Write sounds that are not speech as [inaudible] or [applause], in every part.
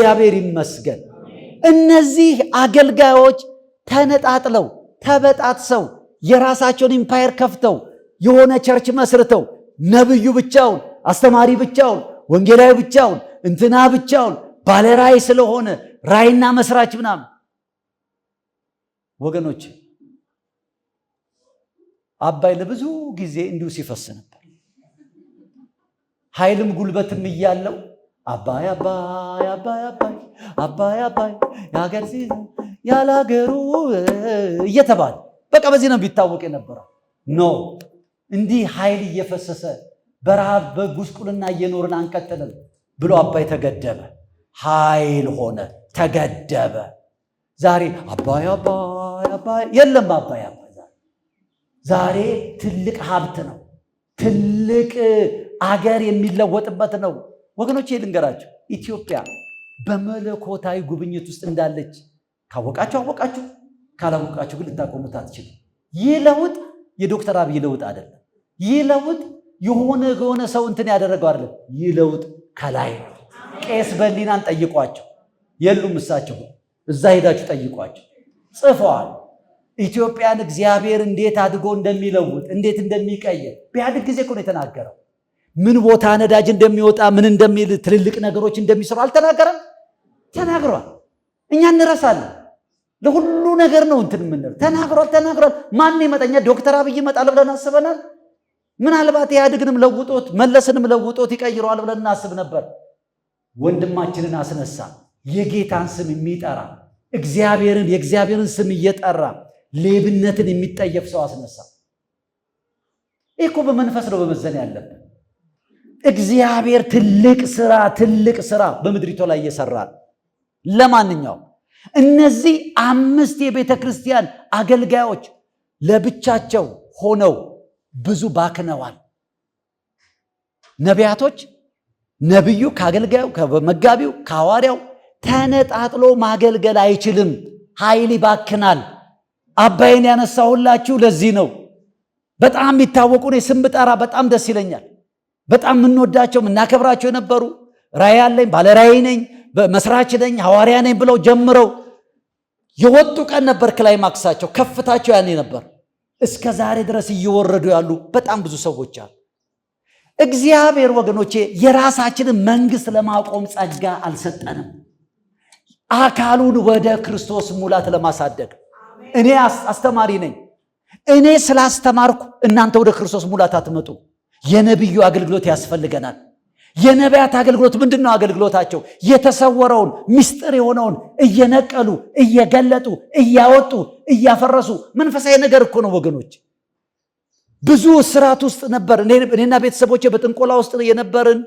እግዚአብሔር ይመስገን። እነዚህ አገልጋዮች ተነጣጥለው ተበጣጥሰው የራሳቸውን ኢምፓየር ከፍተው የሆነ ቸርች መስርተው ነብዩ ብቻውን፣ አስተማሪ ብቻውን፣ ወንጌላዊ ብቻውን፣ እንትና ብቻውን ባለ ራእይ ስለሆነ ራእይና መስራች ምናምን ወገኖች አባይ ለብዙ ጊዜ እንዲሁ ሲፈስ ነበር። ኃይልም ጉልበትም እያለው አባይ አባይ አባይ አባይ አባይ አባይ የሀገር ያለ ሀገሩ እየተባለ በቃ በዚህ ነው ቢታወቅ የነበረው። ኖ እንዲህ ኃይል እየፈሰሰ በረሃብ በጉስቁልና እየኖርን አንቀጥልም ብሎ አባይ ተገደበ፣ ኃይል ሆነ፣ ተገደበ። ዛሬ አባይ አባይ አባይ የለም። አባይ አባይ ዛሬ ትልቅ ሀብት ነው፣ ትልቅ አገር የሚለወጥበት ነው። ወገኖች ልንገራችሁ፣ ኢትዮጵያ በመለኮታዊ ጉብኝት ውስጥ እንዳለች ካወቃችሁ አወቃችሁ፣ ካላወቃችሁ ግን ልታቆሙት አትችሉ። ይህ ለውጥ የዶክተር አብይ ለውጥ አይደለም። ይህ ለውጥ የሆነ ከሆነ ሰው እንትን ያደረገው አይደለም። ይህ ለውጥ ከላይ ቄስ በሊናን ጠይቋቸው፣ የሉም እሳቸው እዛ ሄዳችሁ ጠይቋቸው፣ ጽፈዋል። ኢትዮጵያን እግዚአብሔር እንዴት አድጎ እንደሚለውጥ እንዴት እንደሚቀየር ቢያድግ ጊዜ እኮ ነው የተናገረው። ምን ቦታ ነዳጅ እንደሚወጣ ምን እንደሚል ትልልቅ ነገሮች እንደሚሰሩ አልተናገረም? ተናግሯል። እኛ እንረሳለን። ለሁሉ ነገር ነው እንትን የምንለው። ተናግሯል ተናግሯል። ማን ይመጣኛ? ዶክተር አብይ ይመጣል ብለን አስበናል። ምናልባት ኢህአዴግንም ለውጦት መለስንም ለውጦት ይቀይረዋል ብለን እናስብ ነበር። ወንድማችንን አስነሳ። የጌታን ስም የሚጠራ እግዚአብሔርን የእግዚአብሔርን ስም እየጠራ ሌብነትን የሚጠየፍ ሰው አስነሳ። ይህ እኮ በመንፈስ ነው በመዘን ያለብን። እግዚአብሔር ትልቅ ስራ ትልቅ ስራ በምድሪቷ ላይ እየሰራል። ለማንኛውም እነዚህ አምስት የቤተ ክርስቲያን አገልጋዮች ለብቻቸው ሆነው ብዙ ባክነዋል። ነቢያቶች ነቢዩ ከአገልጋዩ ከመጋቢው ከሐዋርያው ተነጣጥሎ ማገልገል አይችልም፣ ኃይል ይባክናል። አባይን ያነሳሁላችሁ ለዚህ ነው። በጣም የሚታወቁ ስም ብጠራ በጣም ደስ ይለኛል። በጣም የምንወዳቸው የምናከብራቸው የነበሩ ራእይ አለኝ ባለ ነኝ መስራች ነኝ ሐዋርያ ነኝ ብለው ጀምረው የወጡ ቀን ነበር። ክላይማክሳቸው ከፍታቸው ያኔ ነበር። እስከ ዛሬ ድረስ እየወረዱ ያሉ በጣም ብዙ ሰዎች አሉ። እግዚአብሔር ወገኖቼ የራሳችንን መንግስት ለማቆም ጸጋ አልሰጠንም፣ አካሉን ወደ ክርስቶስ ሙላት ለማሳደግ። እኔ አስተማሪ ነኝ። እኔ ስላስተማርኩ እናንተ ወደ ክርስቶስ ሙላት አትመጡ የነቢዩ አገልግሎት ያስፈልገናል። የነቢያት አገልግሎት ምንድን ነው? አገልግሎታቸው የተሰወረውን ምስጢር የሆነውን እየነቀሉ እየገለጡ እያወጡ እያፈረሱ መንፈሳዊ ነገር እኮ ነው ወገኖች። ብዙ ስርዓት ውስጥ ነበር። እኔና ቤተሰቦች በጥንቆላ ውስጥ የነበርን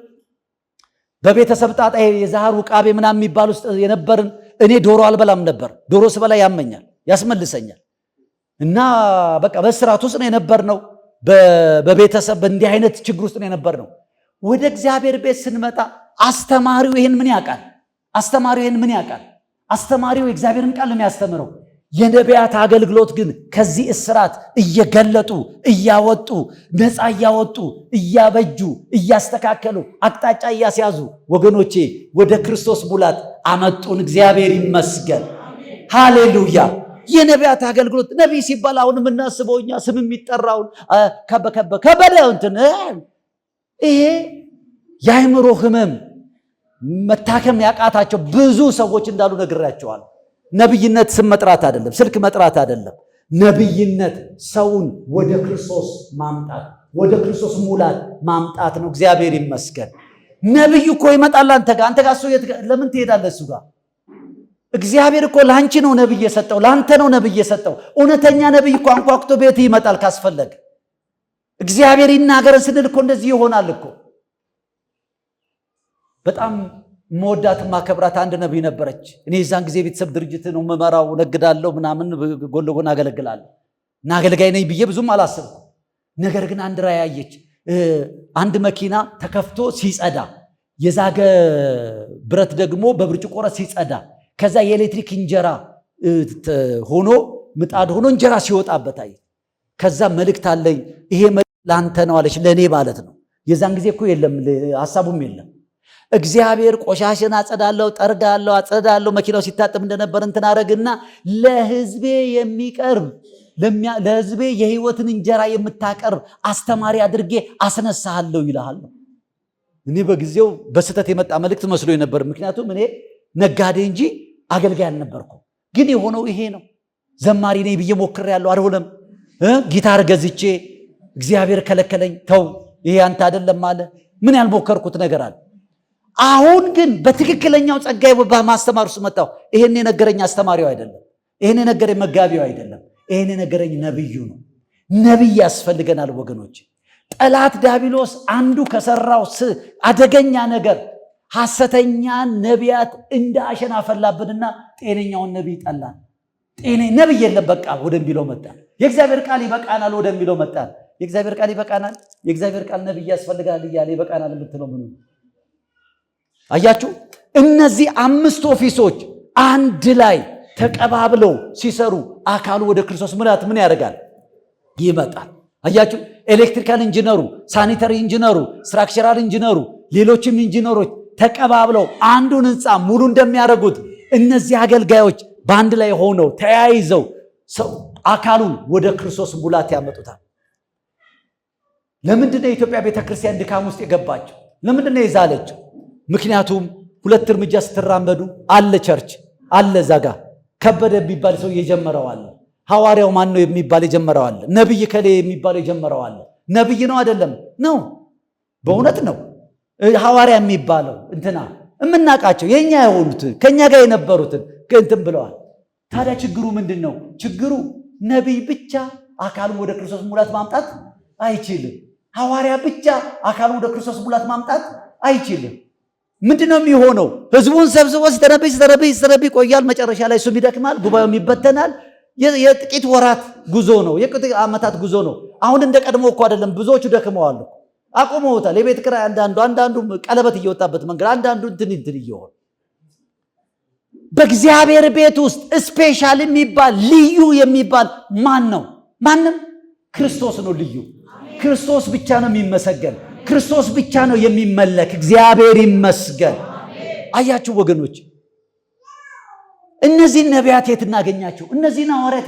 በቤተሰብ ጣጣ የዛሃር ውቃቤ ምናምን የሚባል ውስጥ የነበርን። እኔ ዶሮ አልበላም ነበር። ዶሮ ስበላ ያመኛል፣ ያስመልሰኛል። እና በቃ በስርዓት ውስጥ ነው ነው በቤተሰብ በእንዲህ አይነት ችግር ውስጥ ነው የነበር ነው። ወደ እግዚአብሔር ቤት ስንመጣ አስተማሪው ይህን ምን ያውቃል? አስተማሪው ይህን ምን ያውቃል? አስተማሪው የእግዚአብሔርን ቃል ነው የሚያስተምረው። የነቢያት አገልግሎት ግን ከዚህ እስራት እየገለጡ እያወጡ ነፃ እያወጡ እያበጁ እያስተካከሉ አቅጣጫ እያስያዙ ወገኖቼ ወደ ክርስቶስ ሙላት አመጡን። እግዚአብሔር ይመስገን። ሃሌሉያ የነቢያት አገልግሎት ነቢይ ሲባል አሁን የምናስበው እኛ ስም የሚጠራውን ከበከበ ከበደ እንትን ይሄ የአእምሮ ህመም መታከም ያቃታቸው ብዙ ሰዎች እንዳሉ ነግራቸዋል። ነቢይነት ስም መጥራት አይደለም፣ ስልክ መጥራት አይደለም። ነቢይነት ሰውን ወደ ክርስቶስ ማምጣት ወደ ክርስቶስ ሙላት ማምጣት ነው። እግዚአብሔር ይመስገን። ነቢይ እኮ ይመጣል አንተ ጋር አንተ ጋር ለምን ትሄዳለህ እሱ ጋር እግዚአብሔር እኮ ለአንቺ ነው ነብይ የሰጠው፣ ለአንተ ነው ነብይ የሰጠው። እውነተኛ ነብይ እኮ አንኳኩቶ ቤት ይመጣል ካስፈለግ። እግዚአብሔር ይናገረን ስንል እኮ እንደዚህ ይሆናል እኮ። በጣም መወዳት ማከብራት አንድ ነብይ ነበረች። እኔ የዛን ጊዜ ቤተሰብ ድርጅት ነው መመራው፣ ነግዳለሁ፣ ምናምን ጎን ለጎን አገለግላለሁ እና አገልጋይ ነኝ ብዬ ብዙም አላሰብኩም። ነገር ግን አንድ ራዕይ አየች። አንድ መኪና ተከፍቶ ሲጸዳ፣ የዛገ ብረት ደግሞ በብርጭቆ ሲጸዳ ከዛ የኤሌክትሪክ እንጀራ ሆኖ ምጣድ ሆኖ እንጀራ ሲወጣበት አየች። ከዛ መልእክት አለኝ ይሄ መልእክት ለአንተ ነው አለች፣ ለእኔ ማለት ነው። የዛን ጊዜ እኮ የለም ሀሳቡም የለም። እግዚአብሔር ቆሻሽን አጸዳለሁ፣ ጠርጋለሁ፣ አጸዳለሁ መኪናው ሲታጠብ እንደነበር እንትን አረግና ለህዝቤ የሚቀርብ ለህዝቤ የህይወትን እንጀራ የምታቀርብ አስተማሪ አድርጌ አስነሳሃለሁ ይልሃል ነው። እኔ በጊዜው በስህተት የመጣ መልእክት መስሎ ነበር። ምክንያቱም እኔ ነጋዴ እንጂ አገልጋይ አልነበርኩም። ግን የሆነው ይሄ ነው። ዘማሪ ነኝ ብዬ ሞክሬያለሁ፣ አልሆነም። ጊታር ገዝቼ እግዚአብሔር ከለከለኝ። ተው ይሄ አንተ አይደለም አለ። ምን ያልሞከርኩት ነገር አለ። አሁን ግን በትክክለኛው ጸጋዬ በማስተማር ውስጥ መጣሁ። ይሄን የነገረኝ አስተማሪው አይደለም። ይሄን የነገረኝ መጋቢው አይደለም። ይሄን የነገረኝ ነብዩ ነው። ነብይ ያስፈልገናል ወገኖች። ጠላት ዳቢሎስ አንዱ ከሰራው አደገኛ ነገር ሐሰተኛ ነቢያት እንደ አሸን አፈላብንና ጤነኛውን ነቢይ ጠላን። ጤኔ ነቢይ የለም በቃ ወደሚለው መጣን። የእግዚአብሔር ቃል ይበቃናል ወደሚለው መጣን። የእግዚአብሔር ቃል ይበቃናል፣ የእግዚአብሔር ቃል ነቢይ ያስፈልጋል እያለ ይበቃናል የምትለው ምኑ? አያችሁ፣ እነዚህ አምስት ኦፊሶች አንድ ላይ ተቀባብለው ሲሰሩ አካሉ ወደ ክርስቶስ ምላት ምን ያደርጋል? ይመጣል። አያችሁ፣ ኤሌክትሪካል ኢንጂነሩ፣ ሳኒተሪ ኢንጂነሩ፣ ስትራክቸራል ኢንጂነሩ፣ ሌሎችም ኢንጂነሮች ተቀባብለው አንዱን ህንፃ ሙሉ እንደሚያደርጉት እነዚህ አገልጋዮች በአንድ ላይ ሆነው ተያይዘው አካሉን ወደ ክርስቶስ ሙላት ያመጡታል። ለምንድነው የኢትዮጵያ ቤተክርስቲያን ድካም ውስጥ የገባቸው? ለምንድነው የዛለችው? ምክንያቱም ሁለት እርምጃ ስትራመዱ አለ ቸርች አለ ዛጋ ከበደ የሚባል ሰው አለ። ሐዋርያው ማን ነው የሚባል አለ። ነብይ ከሌ የጀመረው አለ። ነብይ ነው አይደለም ነው በእውነት ነው ሐዋርያ የሚባለው እንትና የምናቃቸው የእኛ የሆኑትን ከእኛ ጋር የነበሩትን እንትን ብለዋል። ታዲያ ችግሩ ምንድን ነው? ችግሩ ነቢይ ብቻ አካሉን ወደ ክርስቶስ ሙላት ማምጣት አይችልም። ሐዋርያ ብቻ አካሉን ወደ ክርስቶስ ሙላት ማምጣት አይችልም። ምንድን ነው የሚሆነው? ህዝቡን ሰብስቦ ሲተነብይ ሲተነብይ ሲተነብይ ይቆያል። መጨረሻ ላይ እሱም ይደክማል፣ ጉባኤውም ይበተናል። የጥቂት ወራት ጉዞ ነው፣ የጥቂት ዓመታት ጉዞ ነው። አሁን እንደ ቀድሞ እኮ አይደለም። ብዙዎቹ ደክመዋል። አቁመውታል። የቤት ኪራይ አንዳንዱ አንዳንዱ ቀለበት እየወጣበት መንገድ አንዳንዱ እንትን እንትን እየሆነ በእግዚአብሔር ቤት ውስጥ ስፔሻል የሚባል ልዩ የሚባል ማን ነው? ማንም ክርስቶስ ነው። ልዩ ክርስቶስ ብቻ ነው የሚመሰገን። ክርስቶስ ብቻ ነው የሚመለክ። እግዚአብሔር ይመስገን። አያችሁ ወገኖች፣ እነዚህን ነቢያት የት እናገኛቸው? እነዚህን ሐዋርያት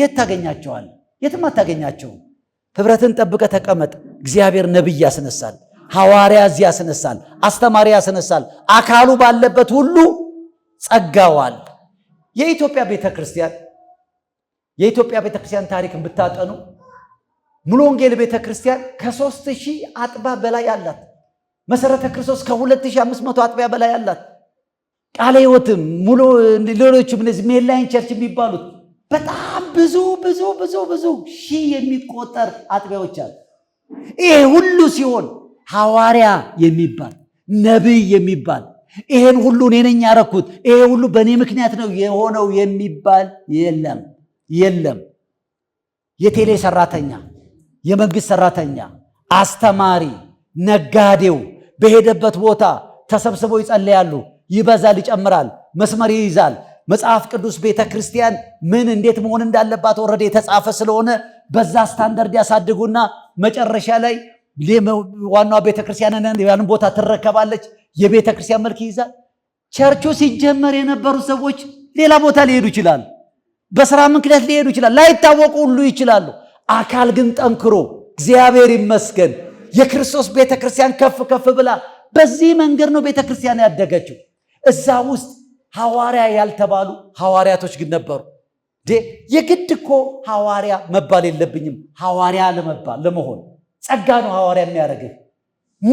የት ታገኛቸዋል? የትም አታገኛቸውም። ህብረትን ጠብቀ ተቀመጥ። እግዚአብሔር ነቢይ ያስነሳል፣ ሐዋርያ ያስነሳል፣ አስተማሪ ያስነሳል። አካሉ ባለበት ሁሉ ጸጋዋል። የኢትዮጵያ ቤተ ክርስቲያን የኢትዮጵያ ቤተ ክርስቲያን ታሪክን ብታጠኑ ሙሉ ወንጌል ቤተ ክርስቲያን ከሦስት ሺህ አጥቢያ በላይ አላት። መሰረተ ክርስቶስ ከ2500 አጥቢያ በላይ አላት። ቃለ ሕይወትም ሙሉ ሌሎችም እነዚህ ሜላይን ቸርች የሚባሉት በጣም ብዙ ብዙ ብዙ ብዙ ሺህ የሚቆጠር አጥቢያዎች አሉ። ይሄ ሁሉ ሲሆን ሐዋርያ የሚባል ነቢይ የሚባል ይሄን ሁሉ እኔ ነኝ ያረኩት ይሄ ሁሉ በእኔ ምክንያት ነው የሆነው የሚባል የለም የለም። የቴሌ ሰራተኛ፣ የመንግስት ሰራተኛ፣ አስተማሪ፣ ነጋዴው በሄደበት ቦታ ተሰብስበው ይጸለያሉ። ይበዛል፣ ይጨምራል፣ መስመር ይይዛል። መጽሐፍ ቅዱስ ቤተ ክርስቲያን ምን እንዴት መሆን እንዳለባት ወረደ የተጻፈ ስለሆነ በዛ ስታንዳርድ ያሳድጉና መጨረሻ ላይ ዋናዋ ቤተክርስቲያን ቦታ ትረከባለች። የቤተክርስቲያን መልክ ይይዛል። ቸርቹ ሲጀመር የነበሩ ሰዎች ሌላ ቦታ ሊሄዱ ይችላል። በስራ ምክንያት ሊሄዱ ይችላል። ላይታወቁ ሁሉ ይችላሉ። አካል ግን ጠንክሮ እግዚአብሔር ይመስገን የክርስቶስ ቤተክርስቲያን ከፍ ከፍ ብላ በዚህ መንገድ ነው ቤተክርስቲያን ያደገችው። እዛ ውስጥ ሐዋርያ ያልተባሉ ሐዋርያቶች ግን ነበሩ። የግድ እኮ ሐዋርያ መባል የለብኝም ሐዋርያ ለመባል ለመሆን ጸጋ ነው ሐዋርያ የሚያደርግህ።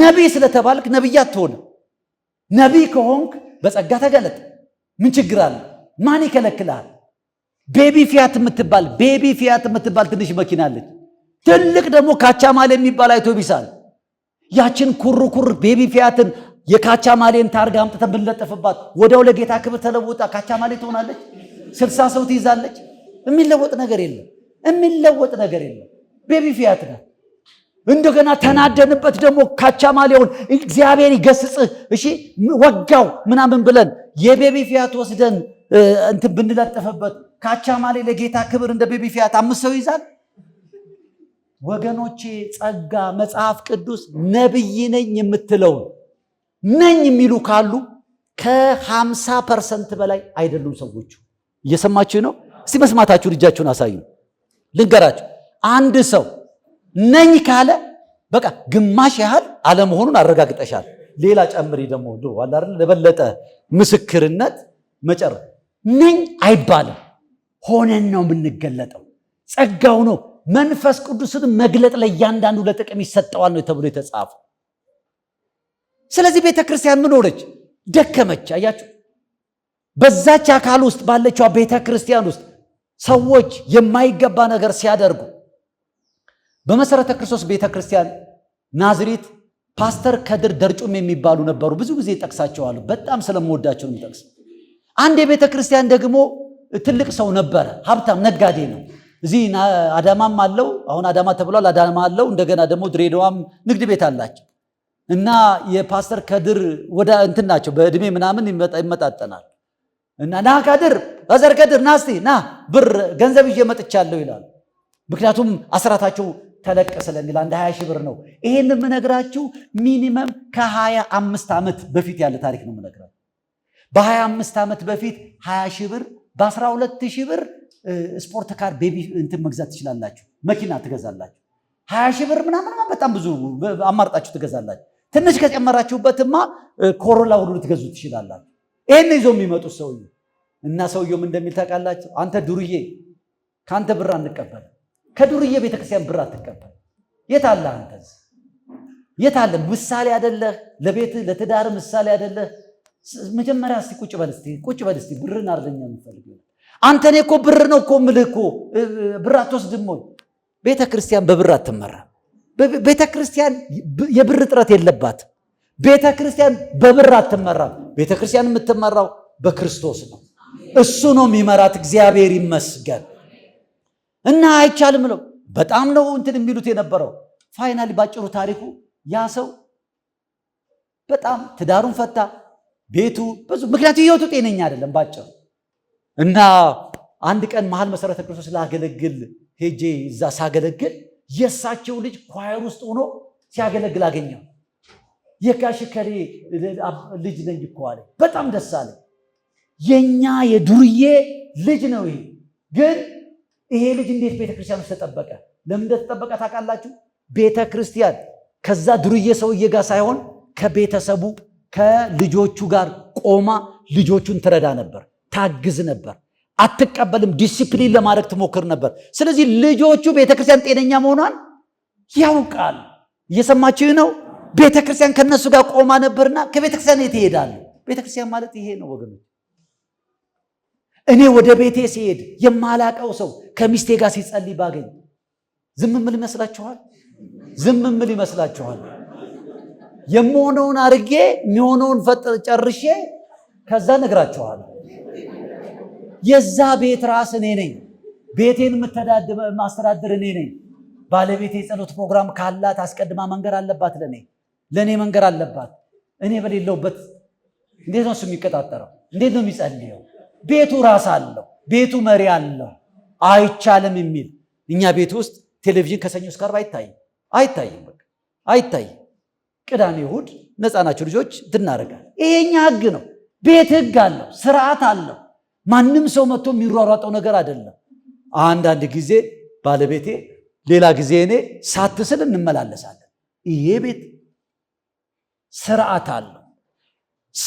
ነቢይ ስለተባልክ ነቢይ አትሆንም። ነቢይ ከሆንክ በጸጋ ተገለጥ። ምን ችግር አለ? ማን ይከለክልሃል? ቤቢ ፊያት የምትባል ቤቢ ፊያት የምትባል ትንሽ መኪና አለች። ትልቅ ደግሞ ካቻማሌ የሚባል አውቶቢስ አለ። ያችን ኩርኩር ቤቢ ፊያትን የካቻማሌን ታርጋ አምጥተን ብንለጠፍባት ወዲያው ለጌታ ክብር ተለውጣ ካቻማሌ ትሆናለች። ስልሳ ሰው ትይዛለች። የሚለወጥ ነገር የለም። የሚለወጥ ነገር የለም። ቤቢ ፊያት ነው። እንደገና ተናደንበት ደግሞ ካቻማሌውን እግዚአብሔር ይገስጽህ፣ እሺ ወጋው ምናምን ብለን የቤቢ ፊያት ወስደን እንትን ብንለጥፍበት ካቻማሌ ለጌታ ክብር እንደ ቤቢ ፊያት አምስት ሰው ይዛል። ወገኖቼ ጸጋ መጽሐፍ ቅዱስ ነብይ ነኝ የምትለው ነኝ የሚሉ ካሉ ከሀምሳ ፐርሰንት በላይ አይደሉም ሰዎቹ። እየሰማችሁ ነው? እስቲ መስማታችሁን እጃችሁን አሳዩ። ልንገራችሁ፣ አንድ ሰው ነኝ ካለ በቃ ግማሽ ያህል አለመሆኑን አረጋግጠሻል። ሌላ ጨምሪ ደግሞ አለ ለበለጠ ምስክርነት መጨረ ነኝ አይባልም። ሆነን ነው የምንገለጠው። ጸጋው ነው መንፈስ ቅዱስን መግለጥ ለእያንዳንዱ ለጥቅም ይሰጠዋል ነው ተብሎ የተጻፈው። ስለዚህ ቤተ ክርስቲያን ምን ሆነች? ደከመች። አያችሁ በዛች አካል ውስጥ ባለችው ቤተ ክርስቲያን ውስጥ ሰዎች የማይገባ ነገር ሲያደርጉ በመሰረተ ክርስቶስ ቤተ ክርስቲያን ናዝሬት ፓስተር ከድር ደርጩም የሚባሉ ነበሩ። ብዙ ጊዜ ይጠቅሳቸዋሉ። በጣም ስለምወዳቸው የሚጠቅስ አንድ የቤተ ክርስቲያን ደግሞ ትልቅ ሰው ነበረ። ሀብታም ነጋዴ ነው። እዚህ አዳማም አለው። አሁን አዳማ ተብሏል። አዳማ አለው። እንደገና ደግሞ ድሬዳዋም ንግድ ቤት አላቸው እና የፓስተር ከድር ወደ እንትን ናቸው። በእድሜ ምናምን ይመጣጠናል። እና ና ካድር አዘር ከድር ናስቲ ና ብር ገንዘብ ይዤ መጥቻለሁ ይላል። ምክንያቱም አስራታቸው ተለቅ ስለሚል አንድ ሀያ ሺህ ብር ነው። ይሄን የምነግራችሁ ሚኒመም ከሀያ አምስት ዓመት በፊት ያለ ታሪክ ነው የምነግራችሁ። በሀያ አምስት ዓመት በፊት ሀያ ሺህ ብር በአስራ ሁለት ሺህ ብር ስፖርት ካር ቤቢ እንትን መግዛት ትችላላችሁ። መኪና ትገዛላችሁ። ሀያ ሺህ ብር ምናምን በጣም ብዙ አማርጣችሁ ትገዛላችሁ። ትንሽ ከጨመራችሁበትማ ኮሮላ ሁሉ ልትገዙ ትችላላችሁ። ይህን ይዞ የሚመጡት ሰውዬ እና ሰውየውም እንደሚል ታውቃላችሁ፣ አንተ ዱርዬ ከአንተ ብር አንቀበል፣ ከዱርዬ ቤተክርስቲያን ብር አትቀበል። የት አለ አንተስ? የት አለ? ምሳሌ አደለህ? ለቤት ለትዳር ምሳሌ አደለህ? መጀመሪያ እስቲ ቁጭ በል እስቲ ቁጭ በል እስቲ ብርን አርደኛ የምፈልግ አንተ እኔ እኮ ብር ነው እኮ ምልህ እኮ ብር አትወስድም ወይ? ቤተ ክርስቲያን በብር አትመራ። ቤተ ክርስቲያን የብር እጥረት የለባት። ቤተ ክርስቲያን በብር አትመራም። ቤተ ክርስቲያን የምትመራው በክርስቶስ ነው። እሱ ነው የሚመራት። እግዚአብሔር ይመስገን እና አይቻልም ነው። በጣም ነው እንትን የሚሉት የነበረው። ፋይናሊ ባጭሩ ታሪኩ ያ ሰው በጣም ትዳሩን ፈታ፣ ቤቱ ብዙ ምክንያቱም ህይወቱ ጤነኛ አይደለም ባጭሩ እና አንድ ቀን መሀል መሰረተ ክርስቶስ ላገለግል ሄጄ እዛ ሳገለግል የእሳቸው ልጅ ኳየር ውስጥ ሆኖ ሲያገለግል አገኘው። የጋሽ ከሬ ልጅ ነኝ እኮ አለ። በጣም ደስ አለ። የዱርዬ ልጅ ነው ይሄ። ግን ይሄ ልጅ እንዴት ቤተክርስቲያን ውስጥ ተጠበቀ? ለምን እንደተጠበቀ ታውቃላችሁ? ቤተክርስቲያን ከዛ ዱርዬ ሰውዬ ጋር ሳይሆን ከቤተሰቡ ከልጆቹ ጋር ቆማ ልጆቹን ትረዳ ነበር፣ ታግዝ ነበር። አትቀበልም፣ ዲሲፕሊን ለማድረግ ትሞክር ነበር። ስለዚህ ልጆቹ ቤተክርስቲያን ጤነኛ መሆኗን ያውቃል። እየሰማችሁ ነው። ቤተ ክርስቲያን ከነሱ ጋር ቆማ ነበርና ከቤተ ክርስቲያን የት ይሄዳሉ? ቤተ ክርስቲያን ማለት ይሄ ነው ወገኖች። እኔ ወደ ቤቴ ሲሄድ የማላቀው ሰው ከሚስቴ ጋር ሲጸልይ ባገኝ ዝም ምን ይመስላችኋል? ዝም ምን ይመስላችኋል? የምሆነውን አርጌ የሚሆነውን ፈጥ ጨርሼ ከዛ ነግራችኋል። የዛ ቤት ራስ እኔ ነኝ። ቤቴን ማስተዳድር እኔ ነኝ። ባለቤት የጸሎት ፕሮግራም ካላት አስቀድማ መንገድ አለባት ለኔ። ለእኔ መንገር አለባት። እኔ በሌለውበት እንዴት ነው እሱ የሚቀጣጠረው? እንዴት ነው የሚጸልየው? ቤቱ ራስ አለው፣ ቤቱ መሪ አለው። አይቻልም የሚል እኛ ቤት ውስጥ ቴሌቪዥን ከሰኞ እስከ ዓርብ አይታይም፣ አይታይም፣ አይታይም። ቅዳሜ እሑድ ነፃ ናቸው ልጆች ትናደርጋል። ይሄ እኛ ህግ ነው። ቤት ህግ አለው፣ ስርዓት አለው። ማንም ሰው መጥቶ የሚሯሯጠው ነገር አይደለም። አንዳንድ ጊዜ ባለቤቴ፣ ሌላ ጊዜ እኔ ሳትስል እንመላለሳለን። ይሄ ቤት ስርዓት አለው።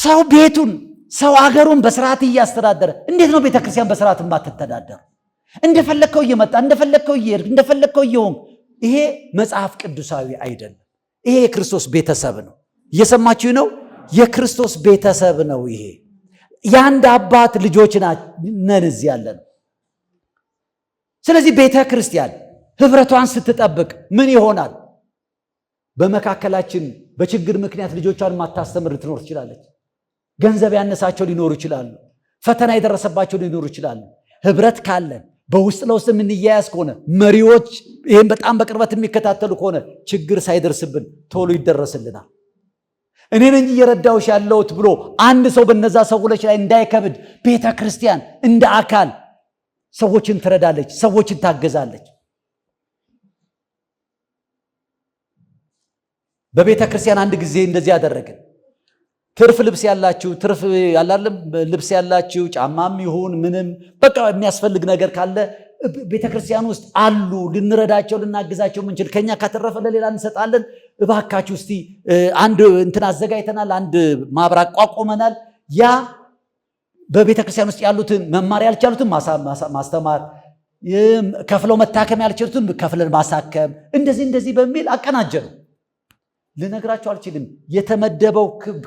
ሰው ቤቱን ሰው አገሩን በስርዓት እያስተዳደረ እንዴት ነው ቤተ ክርስቲያን በስርዓት የማትተዳደር? እንደፈለግከው እየመጣ እንደፈለግከው እየሄድክ እንደፈለግከው እየሆን ይሄ መጽሐፍ ቅዱሳዊ አይደለም። ይሄ የክርስቶስ ቤተሰብ ነው። እየሰማችሁ ነው? የክርስቶስ ቤተሰብ ነው። ይሄ የአንድ አባት ልጆች ነን እዚህ ያለ ነው። ስለዚህ ቤተ ክርስቲያን ህብረቷን ስትጠብቅ ምን ይሆናል? በመካከላችን በችግር ምክንያት ልጆቿን ማታስተምር ልትኖር ትችላለች። ገንዘብ ያነሳቸው ሊኖሩ ይችላሉ። ፈተና የደረሰባቸው ሊኖሩ ይችላሉ። ህብረት ካለን በውስጥ ለውስጥ የምንያያዝ ከሆነ መሪዎች ይህም በጣም በቅርበት የሚከታተሉ ከሆነ ችግር ሳይደርስብን ቶሎ ይደረስልናል። እኔን እንጂ እየረዳሁሽ ያለውት ብሎ አንድ ሰው በነዛ ሰዎች ላይ እንዳይከብድ ቤተ ክርስቲያን እንደ አካል ሰዎችን ትረዳለች፣ ሰዎችን ታገዛለች። በቤተ ክርስቲያን አንድ ጊዜ እንደዚህ ያደረግን። ትርፍ ልብስ ያላችሁ ትርፍ ያላለም ልብስ ያላችሁ ጫማም ይሁን ምንም በቃ የሚያስፈልግ ነገር ካለ ቤተ ክርስቲያን ውስጥ አሉ፣ ልንረዳቸው ልናግዛቸው ምንችል። ከኛ ከተረፈ ለሌላ እንሰጣለን። እባካችሁ እስቲ አንድ እንትን አዘጋጅተናል፣ አንድ ማህበር አቋቁመናል። ያ በቤተ ክርስቲያን ውስጥ ያሉትን መማር ያልቻሉትን ማስተማር፣ ከፍለው መታከም ያልችሉትን ከፍለን ማሳከም፣ እንደዚህ እንደዚህ በሚል አቀናጀ ነው። ልነግራቸው አልችልም። የተመደበው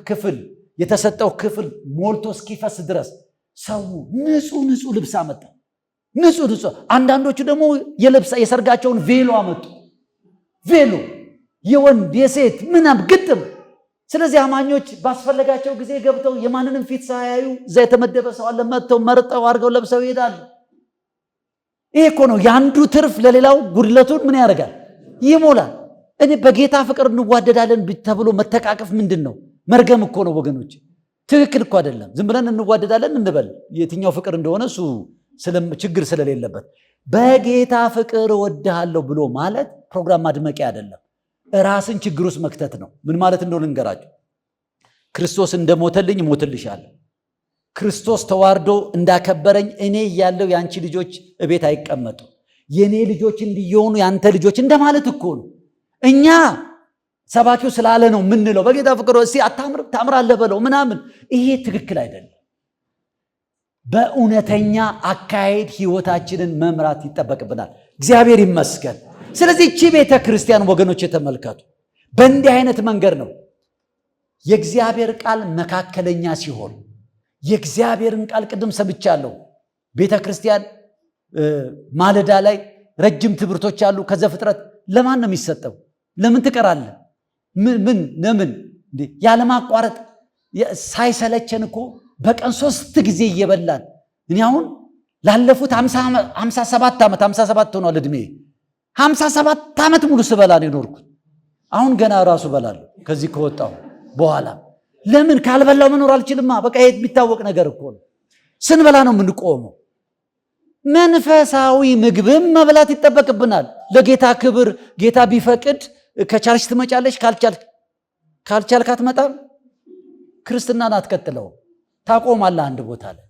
ክፍል የተሰጠው ክፍል ሞልቶ እስኪፈስ ድረስ ሰው ንጹህ ንጹህ ልብስ አመጣ። ንጹህ ንጹህ። አንዳንዶቹ ደግሞ የሰርጋቸውን ቬሎ አመጡ። ቬሎ የወንድ የሴት ምናም ግጥም። ስለዚህ አማኞች ባስፈለጋቸው ጊዜ ገብተው የማንንም ፊት ሳያዩ እዛ የተመደበ ሰው አለ መጥተው መርጠው አድርገው ለብሰው ይሄዳሉ። ይሄ እኮ ነው የአንዱ ትርፍ ለሌላው ጉድለቱን ምን ያደርጋል? ይሞላል። እኔ በጌታ ፍቅር እንዋደዳለን ተብሎ መተቃቀፍ ምንድን ነው? መርገም እኮ ነው ወገኖች፣ ትክክል እኮ አይደለም። ዝም ብለን እንዋደዳለን እንበል። የትኛው ፍቅር እንደሆነ እሱ ችግር ስለሌለበት በጌታ ፍቅር እወድሃለሁ ብሎ ማለት ፕሮግራም ማድመቂያ አይደለም፣ ራስን ችግር ውስጥ መክተት ነው። ምን ማለት እንደሆነ ልንገራችሁ። ክርስቶስ እንደሞተልኝ እሞትልሻለሁ፣ ክርስቶስ ተዋርዶ እንዳከበረኝ እኔ እያለሁ የአንቺ ልጆች እቤት አይቀመጡም፣ የእኔ ልጆች እንዲየሆኑ የአንተ ልጆች እንደማለት እኮ ነው። እኛ ሰባኪው ስላለ ነው የምንለው። በጌታ ፍቅር እስቲ አታምር ታምራለህ በለው ምናምን፣ ይሄ ትክክል አይደለም። በእውነተኛ አካሄድ ህይወታችንን መምራት ይጠበቅብናል። እግዚአብሔር ይመስገን። ስለዚህ እቺ ቤተ ክርስቲያን ወገኖች የተመልከቱ በእንዲህ አይነት መንገድ ነው የእግዚአብሔር ቃል መካከለኛ ሲሆን የእግዚአብሔርን ቃል ቅድም ሰብቻለሁ። ቤተ ክርስቲያን ማለዳ ላይ ረጅም ትምህርቶች አሉ። ከዘፍጥረት ለማን ነው የሚሰጠው? ለምን ትቀራለ? ምን ለምን ያለማቋረጥ ሳይሰለቸን እኮ በቀን ሶስት ጊዜ እየበላን እኔ አሁን ላለፉት ሀምሳ ሰባት ዓመት ሀምሳ ሰባት ሆኗል እድሜ ሀምሳ ሰባት ዓመት ሙሉ ስበላ ነው የኖርኩት። አሁን ገና ራሱ እበላለሁ ከዚህ ከወጣሁ በኋላ ለምን ካልበላው መኖር አልችልማ። በቃ የት የሚታወቅ ነገር እኮ ነው። ስንበላ ነው የምንቆመው። መንፈሳዊ ምግብም መብላት ይጠበቅብናል። ለጌታ ክብር ጌታ ቢፈቅድ ከቻልሽ ትመጫለሽ፣ ካልቻልክ አትመጣም። ክርስትናን አትቀጥለው፣ ታቆማለህ አንድ ቦታ ላይ።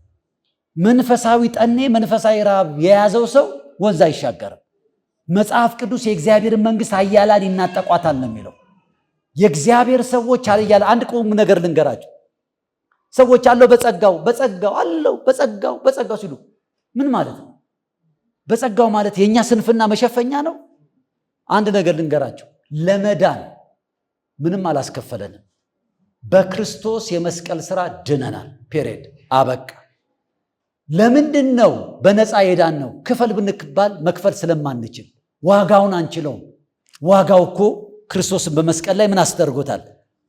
መንፈሳዊ ጠኔ፣ መንፈሳዊ ረሃብ የያዘው ሰው ወንዝ አይሻገርም። መጽሐፍ ቅዱስ የእግዚአብሔርን መንግስት አያላን ይናጠቋታል ነው የሚለው። የእግዚአብሔር ሰዎች ያለ አንድ ቁም ነገር ልንገራቸው። ሰዎች አለው በጸጋው በጸጋው አለው በጸጋው በጸጋው ሲሉ ምን ማለት ነው? በጸጋው ማለት የእኛ ስንፍና መሸፈኛ ነው። አንድ ነገር ልንገራቸው ለመዳን ምንም አላስከፈለንም። በክርስቶስ የመስቀል ስራ ድነናል። ፔሬድ አበቃ። ለምንድን ነው በነፃ የዳን ነው? ክፈል ብንባል መክፈል ስለማንችል ዋጋውን አንችለውም። ዋጋው እኮ ክርስቶስን በመስቀል ላይ ምን አስደርጎታል?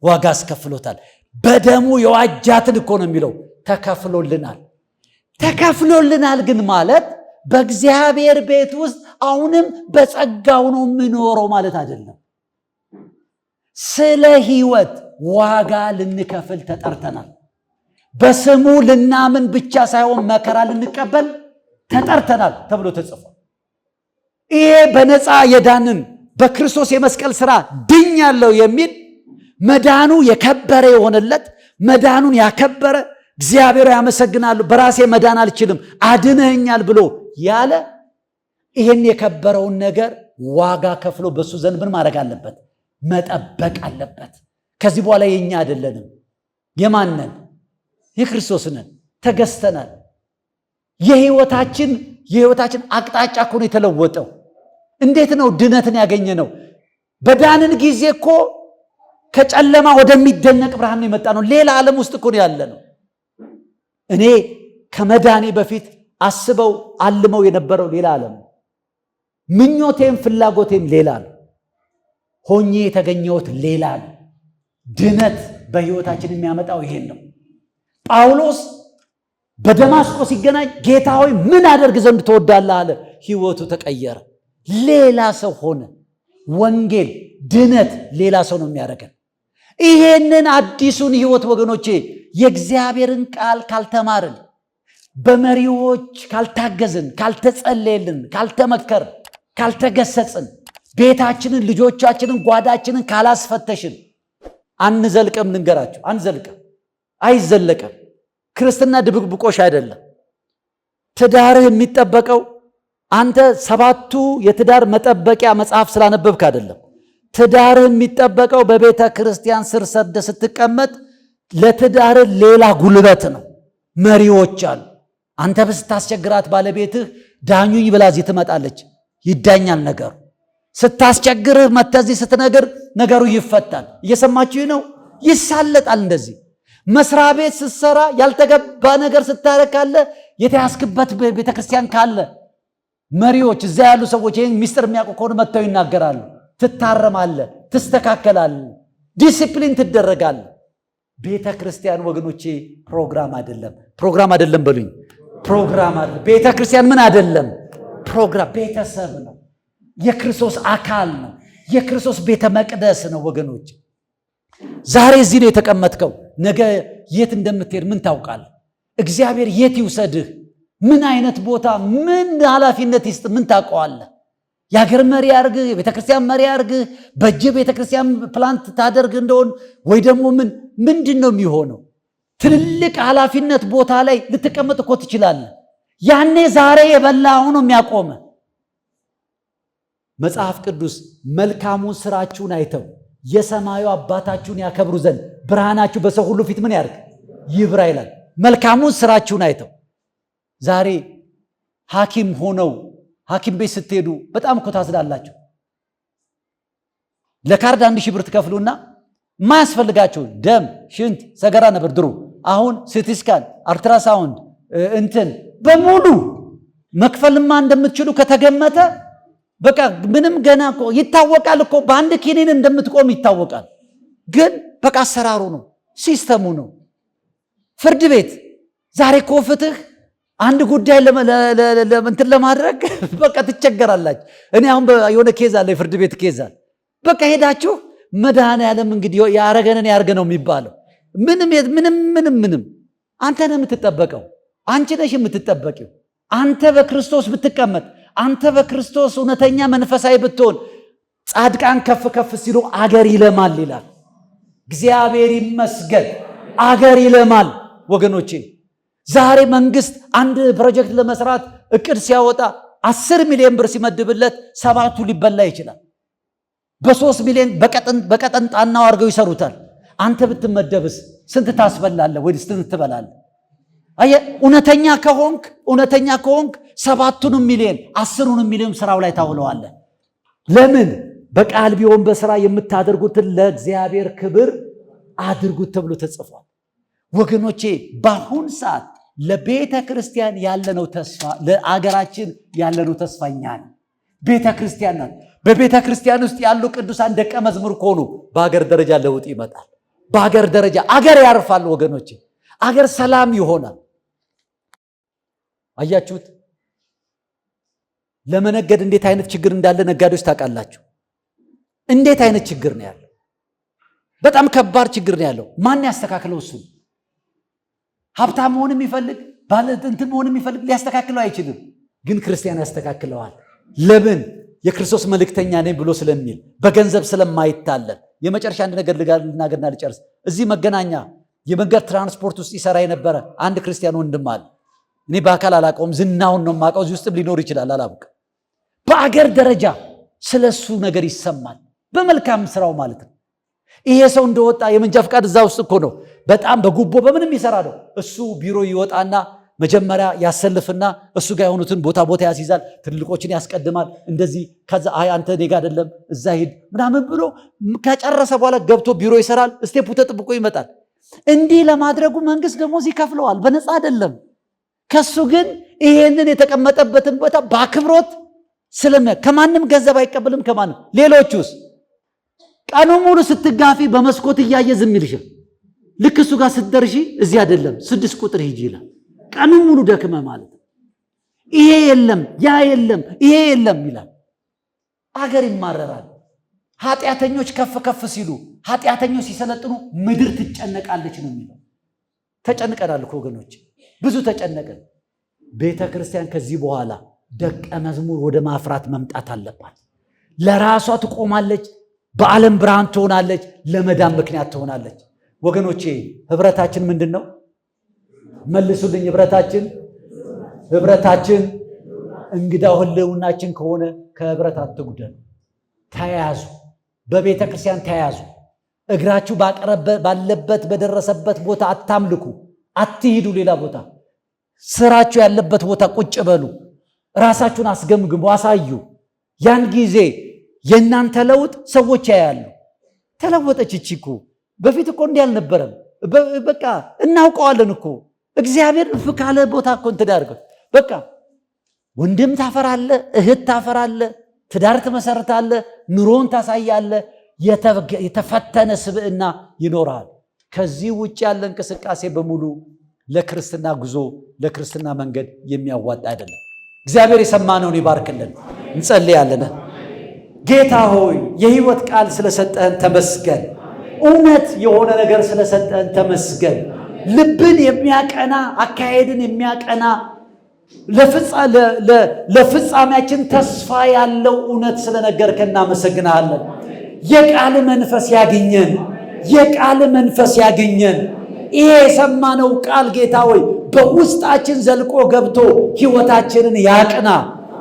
ዋጋ አስከፍሎታል። በደሙ የዋጃትን እኮ ነው የሚለው ተከፍሎልናል። ተከፍሎልናል ግን ማለት በእግዚአብሔር ቤት ውስጥ አሁንም በጸጋው ነው የምኖረው ማለት አይደለም። ስለ ህይወት ዋጋ ልንከፍል ተጠርተናል። በስሙ ልናምን ብቻ ሳይሆን መከራ ልንቀበል ተጠርተናል ተብሎ ተጽፏል። ይሄ በነፃ የዳንን በክርስቶስ የመስቀል ሥራ ድኛለሁ የሚል መዳኑ የከበረ የሆነለት መዳኑን ያከበረ እግዚአብሔር ያመሰግናሉ በራሴ መዳን አልችልም አድነኛል ብሎ ያለ ይህን የከበረውን ነገር ዋጋ ከፍሎ በእሱ ዘንድ ምን ማድረግ አለበት? መጠበቅ አለበት። ከዚህ በኋላ የእኛ አይደለንም። የማንን የክርስቶስንን ተገዝተናል። የህይወታችን የህይወታችን አቅጣጫ እኮ ነው የተለወጠው። እንዴት ነው ድነትን ያገኘ ነው? በዳንን ጊዜ እኮ ከጨለማ ወደሚደነቅ ብርሃን የመጣ ነው። ሌላ ዓለም ውስጥ እኮ ነው ያለ ነው። እኔ ከመዳኔ በፊት አስበው አልመው የነበረው ሌላ ዓለም፣ ምኞቴም ፍላጎቴም ሌላ ነው። ሆኜ የተገኘሁት ሌላ ነው። ድነት በሕይወታችን የሚያመጣው ይሄን ነው። ጳውሎስ በደማስቆ ሲገናኝ ጌታ ሆይ ምን አደርግ ዘንድ ትወዳለህ አለ። ሕይወቱ ተቀየረ፣ ሌላ ሰው ሆነ። ወንጌል ድነት ሌላ ሰው ነው የሚያደርገን። ይሄንን አዲሱን ሕይወት ወገኖቼ የእግዚአብሔርን ቃል ካልተማርን፣ በመሪዎች ካልታገዝን፣ ካልተጸለየልን፣ ካልተመከርን፣ ካልተገሰጽን ቤታችንን፣ ልጆቻችንን፣ ጓዳችንን ካላስፈተሽን አንዘልቀም። ልንገራችሁ፣ አንዘልቅም፣ አይዘለቀም። ክርስትና ድብቅብቆሽ አይደለም። ትዳርህ የሚጠበቀው አንተ ሰባቱ የትዳር መጠበቂያ መጽሐፍ ስላነበብክ አይደለም። ትዳርህ የሚጠበቀው በቤተ ክርስቲያን ስር ሰደ ስትቀመጥ ለትዳር ሌላ ጉልበት ነው። መሪዎች አሉ። አንተ ብስታስቸግራት ባለቤትህ ዳኙኝ ብላ ትመጣለች። ይዳኛል ነገሩ ስታስቸግርህ መተዚህ ስትነግር ነገሩ ይፈታል። እየሰማችሁ ነው። ይሳለጣል። እንደዚህ መስሪያ ቤት ስትሰራ ያልተገባ ነገር ስታደርግ ካለ የተያዝክበት ቤተክርስቲያን ካለ መሪዎች፣ እዛ ያሉ ሰዎች ይህን ሚስጥር የሚያውቁ ከሆኑ መጥተው ይናገራሉ። ትታረማለ፣ ትስተካከላል፣ ዲሲፕሊን ትደረጋል። ቤተ ክርስቲያን ወገኖቼ ፕሮግራም አይደለም። ፕሮግራም አይደለም በሉኝ። ፕሮግራም ቤተ ክርስቲያን ምን አይደለም ፕሮግራም፣ ቤተሰብ ነው። የክርስቶስ አካል ነው። የክርስቶስ ቤተ መቅደስ ነው ወገኖች። ዛሬ እዚህ ነው የተቀመጥከው፣ ነገ የት እንደምትሄድ ምን ታውቃል? እግዚአብሔር የት ይውሰድህ? ምን አይነት ቦታ፣ ምን ኃላፊነት ይስጥ፣ ምን ታውቀዋለህ? የሀገር መሪ ያርግህ፣ የቤተክርስቲያን መሪ አርግህ በእጅ ቤተክርስቲያን ፕላንት ታደርግ እንደሆን ወይ ደግሞ ምን ምንድን ነው የሚሆነው? ትልልቅ ኃላፊነት ቦታ ላይ ልትቀመጥ እኮ ትችላለህ። ያኔ ዛሬ የበላ ሆኖ የሚያቆመ መጽሐፍ ቅዱስ መልካሙን ስራችሁን አይተው የሰማዩ አባታችሁን ያከብሩ ዘንድ ብርሃናችሁ በሰው ሁሉ ፊት ምን ያርግ ይብራ ይላል። መልካሙን ስራችሁን አይተው ዛሬ ሐኪም ሆነው ሐኪም ቤት ስትሄዱ በጣም እኮ ታዝላላችሁ። ለካርድ አንድ ሺህ ብር ትከፍሉና ማያስፈልጋቸው ደም፣ ሽንት፣ ሰገራ ነበር ድሩ። አሁን ሲቲስካን፣ አልትራሳውንድ እንትን በሙሉ መክፈልማ እንደምትችሉ ከተገመተ በቃ ምንም ገና እኮ ይታወቃል እኮ በአንድ ኪኒን እንደምትቆም ይታወቃል። ግን በቃ አሰራሩ ነው፣ ሲስተሙ ነው። ፍርድ ቤት ዛሬ እኮ ፍትህ አንድ ጉዳይ እንትን ለማድረግ [laughs] በቃ ትቸገራላችሁ። እኔ አሁን የሆነ ኬዝ አለ፣ የፍርድ ቤት ኬዝ አለ። በቃ ሄዳችሁ መድኃኔዓለም እንግዲህ ያረገንን ያርገ ነው የሚባለው። ምንም ምንም ምንም ምንም አንተ ነህ የምትጠበቀው፣ አንቺ ነሽ የምትጠበቂው። አንተ በክርስቶስ ብትቀመጥ አንተ በክርስቶስ እውነተኛ መንፈሳዊ ብትሆን ጻድቃን ከፍ ከፍ ሲሉ አገር ይለማል ይላል። እግዚአብሔር ይመስገን አገር ይለማል። ወገኖቼ ዛሬ መንግስት አንድ ፕሮጀክት ለመስራት እቅድ ሲያወጣ አስር ሚሊዮን ብር ሲመድብለት ሰባቱ ሊበላ ይችላል። በሶስት ሚሊዮን በቀጠንጣናው አድርገው ይሰሩታል። አንተ ብትመደብስ ስንት ታስበላለህ? ወይ ስንት ትበላለህ? እውነተኛ ከሆንክ እውነተኛ ከሆንክ ሰባቱንም ሚሊዮን አስሩንም ሚሊዮን ስራው ላይ ታውለዋለ። ለምን? በቃል ቢሆን በስራ የምታደርጉትን ለእግዚአብሔር ክብር አድርጉት ተብሎ ተጽፏል። ወገኖቼ በአሁን ሰዓት ለቤተ ክርስቲያን ያለነው ተስፋ ለአገራችን ያለነው ተስፋ ቤተ ክርስቲያን ናት። በቤተ ክርስቲያን ውስጥ ያሉ ቅዱሳን ደቀ መዝሙር ከሆኑ በአገር ደረጃ ለውጥ ይመጣል። በአገር ደረጃ አገር ያርፋል። ወገኖች አገር ሰላም ይሆናል። አያችሁት? ለመነገድ እንዴት አይነት ችግር እንዳለ ነጋዴዎች ታውቃላችሁ። እንዴት አይነት ችግር ነው ያለው? በጣም ከባድ ችግር ነው ያለው። ማን ያስተካክለው? እሱን ሀብታም መሆን የሚፈልግ ባለ እንትን መሆን የሚፈልግ ሊያስተካክለው አይችልም። ግን ክርስቲያን ያስተካክለዋል። ለምን? የክርስቶስ መልእክተኛ ነኝ ብሎ ስለሚል በገንዘብ ስለማይታለል። የመጨረሻ አንድ ነገር ልናገርና ልጨርስ። እዚህ መገናኛ የመንገድ ትራንስፖርት ውስጥ ይሰራ የነበረ አንድ ክርስቲያን ወንድም አለ። እኔ በአካል አላውቀውም፣ ዝናውን ነው የማውቀው። እዚህ ውስጥም ሊኖር ይችላል፣ አላውቅም። በአገር ደረጃ ስለ እሱ ነገር ይሰማል። በመልካም ስራው ማለት ነው። ይሄ ሰው እንደወጣ የመንጃ ፈቃድ እዛ ውስጥ እኮ ነው። በጣም በጉቦ በምንም ይሰራ ነው። እሱ ቢሮ ይወጣና መጀመሪያ ያሰልፍና እሱ ጋር የሆኑትን ቦታ ቦታ ያስይዛል። ትልልቆችን ያስቀድማል። እንደዚህ ከዛ አይ አንተ እኔ ጋ አይደለም እዛ ሂድ ምናምን ብሎ ከጨረሰ በኋላ ገብቶ ቢሮ ይሰራል። እስቴፑ ተጥብቆ ይመጣል። እንዲህ ለማድረጉ መንግስት ደሞዝ ይከፍለዋል፣ በነፃ አይደለም። ከሱ ግን ይሄንን የተቀመጠበትን ቦታ በአክብሮት ስለመ ከማንም ገንዘብ አይቀበልም። ከማንም ሌሎቹስ ቀኑ ሙሉ ስትጋፊ በመስኮት እያየ ዝም ይልሽ። ልክ እሱ ጋር ስትደርሺ እዚህ አይደለም ስድስት ቁጥር ሂጂ ይላል። ቀኑ ሙሉ ደክመ ማለት ይሄ የለም ያ የለም ይሄ የለም ይላል። አገር ይማረራል። ኃጢአተኞች ከፍ ከፍ ሲሉ፣ ኃጢአተኞች ሲሰለጥኑ ምድር ትጨነቃለች ነው የሚለው። ተጨንቀናል ወገኖች፣ ብዙ ተጨነቀን። ቤተ ክርስቲያን ከዚህ በኋላ ደቀ መዝሙር ወደ ማፍራት መምጣት አለባት። ለራሷ ትቆማለች፣ በዓለም ብርሃን ትሆናለች፣ ለመዳን ምክንያት ትሆናለች። ወገኖቼ ህብረታችን ምንድን ነው? መልሱልኝ። ህብረታችን ህብረታችን እንግዳ ህልውናችን ከሆነ ከህብረት አትጉደን። ተያያዙ፣ በቤተ ክርስቲያን ተያያዙ። እግራችሁ ባለበት በደረሰበት ቦታ አታምልኩ፣ አትሂዱ ሌላ ቦታ። ስራችሁ ያለበት ቦታ ቁጭ በሉ። ራሳችሁን አስገምግሙ፣ አሳዩ። ያን ጊዜ የእናንተ ለውጥ ሰዎች ያያሉ። ተለወጠች እቺ እኮ በፊት እኮ እንዲህ አልነበረም። በቃ እናውቀዋለን እኮ እግዚአብሔር እፍ ካለ ቦታ እኮ እንትዳርገ በቃ ወንድም ታፈራለ፣ እህት ታፈራለ፣ ትዳር ትመሰርታለ፣ ኑሮን ታሳያለ፣ የተፈተነ ስብዕና ይኖራል። ከዚህ ውጭ ያለ እንቅስቃሴ በሙሉ ለክርስትና ጉዞ ለክርስትና መንገድ የሚያዋጣ አይደለም። እግዚአብሔር የሰማነውን ይባርክልን። እንጸልያለን። ጌታ ሆይ የህይወት ቃል ስለሰጠህን ተመስገን። እውነት የሆነ ነገር ስለሰጠህን ተመስገን። ልብን የሚያቀና አካሄድን የሚያቀና ለፍጻሜያችን ተስፋ ያለው እውነት ስለነገርከን እናመሰግናለን። የቃል መንፈስ ያግኘን። የቃል መንፈስ ያግኘን። ይሄ የሰማነው ቃል ጌታ ሆይ በውስጣችን ዘልቆ ገብቶ ሕይወታችንን ያቅና፣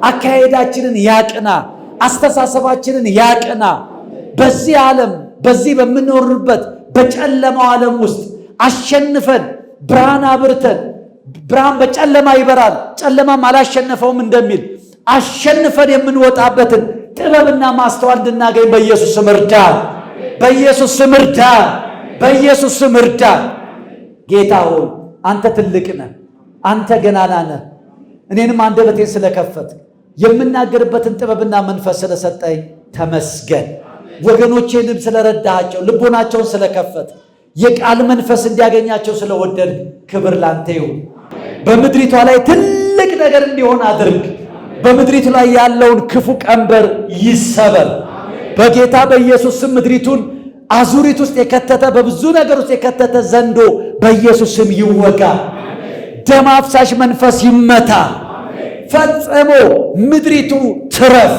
አካሄዳችንን ያቅና፣ አስተሳሰባችንን ያቅና። በዚህ ዓለም በዚህ በምንኖርበት በጨለማው ዓለም ውስጥ አሸንፈን ብርሃን አብርተን ብርሃን በጨለማ ይበራል ጨለማም አላሸነፈውም እንደሚል አሸንፈን የምንወጣበትን ጥበብና ማስተዋል እንድናገኝ በኢየሱስ ስም እርዳ። በኢየሱስ ስም እርዳ። በኢየሱስ ስም እርዳ። ጌታ ሆይ አንተ ትልቅ ነህ፣ አንተ ገናና ነህ። እኔንም አንደበቴን ስለከፈት የምናገርበትን ጥበብና መንፈስ ስለሰጠኝ ተመስገን። ወገኖቼንም ስለረዳሃቸው ልቦናቸውን ስለከፈት የቃል መንፈስ እንዲያገኛቸው ስለወደድ ክብር ላንተ ይሁን። በምድሪቷ ላይ ትልቅ ነገር እንዲሆን አድርግ። በምድሪቱ ላይ ያለውን ክፉ ቀንበር ይሰበር በጌታ በኢየሱስ ስም ምድሪቱን አዙሪት ውስጥ የከተተ በብዙ ነገር ውስጥ የከተተ ዘንዶ በኢየሱስ ስም ይወጋ። ደም አፍሳሽ መንፈስ ይመታ። ፈጽሞ ምድሪቱ ትረፍ።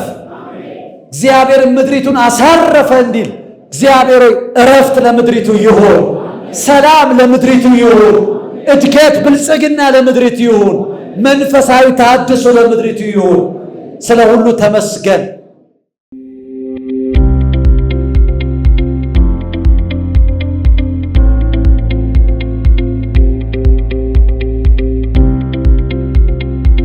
እግዚአብሔር ምድሪቱን አሳረፈ እንዲል እግዚአብሔር እረፍት ለምድሪቱ ይሁን፣ ሰላም ለምድሪቱ ይሁን፣ እድገት ብልጽግና ለምድሪቱ ይሁን፣ መንፈሳዊ ታድሶ ለምድሪቱ ይሁን። ስለ ሁሉ ተመስገን።